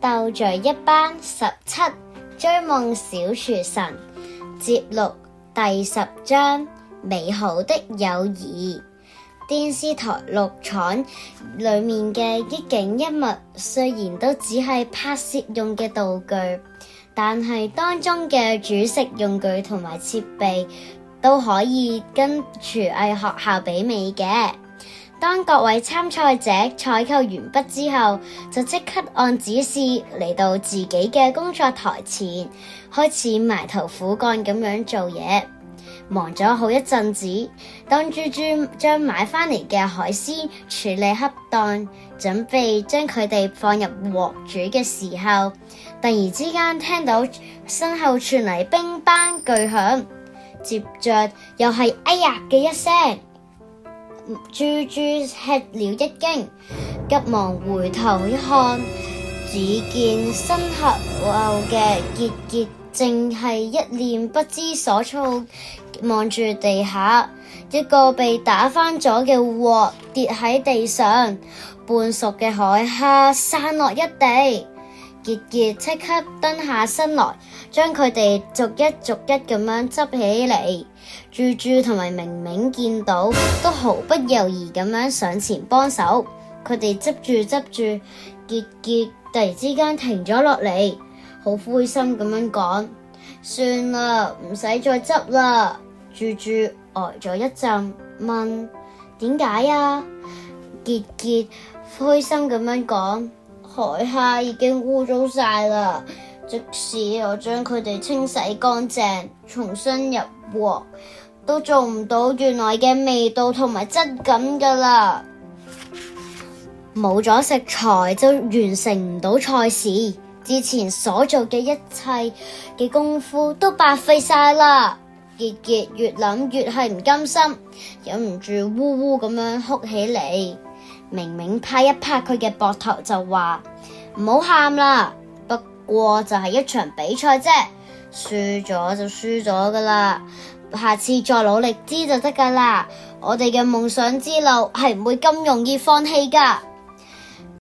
鬥嘴一班十七追夢小廚神，節錄第十章美好的友誼。電視台錄廠裏面嘅一景一物，雖然都只係拍攝用嘅道具，但係當中嘅煮食用具同埋設備，都可以跟廚藝學校媲美嘅。當各位參賽者採購完畢之後，就即刻按指示嚟到自己嘅工作台前，開始埋頭苦幹咁樣做嘢。忙咗好一陣子，當豬豬將買返嚟嘅海鮮處理恰當，準備將佢哋放入鍋煮嘅時候，突然之間聽到身後傳嚟乒乓巨響，接着又係哎呀嘅一聲。豬豬吃了一驚，急忙回頭一看，只見身後嘅杰杰正係一臉不知所措，望住地下一個被打翻咗嘅鑊跌喺地上，半熟嘅海蝦散落一地。杰杰即刻蹲下身來，將佢哋逐一逐一咁樣執起嚟。豬豬同埋明明見到都毫不猶豫咁樣上前幫手，佢哋執住執住，杰杰突然之間停咗落嚟，好灰心咁樣講：算啦，唔使再執啦。豬豬呆咗一陣，問：點解呀？杰杰灰心咁樣講：海蝦已經污糟晒啦。即使我將佢哋清洗乾淨，重新入鍋，都做唔到原來嘅味道同埋質感噶啦。冇咗食材就完成唔到賽事。之前所做嘅一切嘅功夫都白費晒啦。杰杰越諗越係唔甘心，忍唔住嗚嗚咁樣哭起嚟。明明拍一拍佢嘅膊頭就話，唔好喊啦。哦、就係、是、一場比賽啫，輸咗就輸咗㗎喇，下次再努力啲就得㗎喇。我哋嘅夢想之路係唔會咁容易放棄㗎。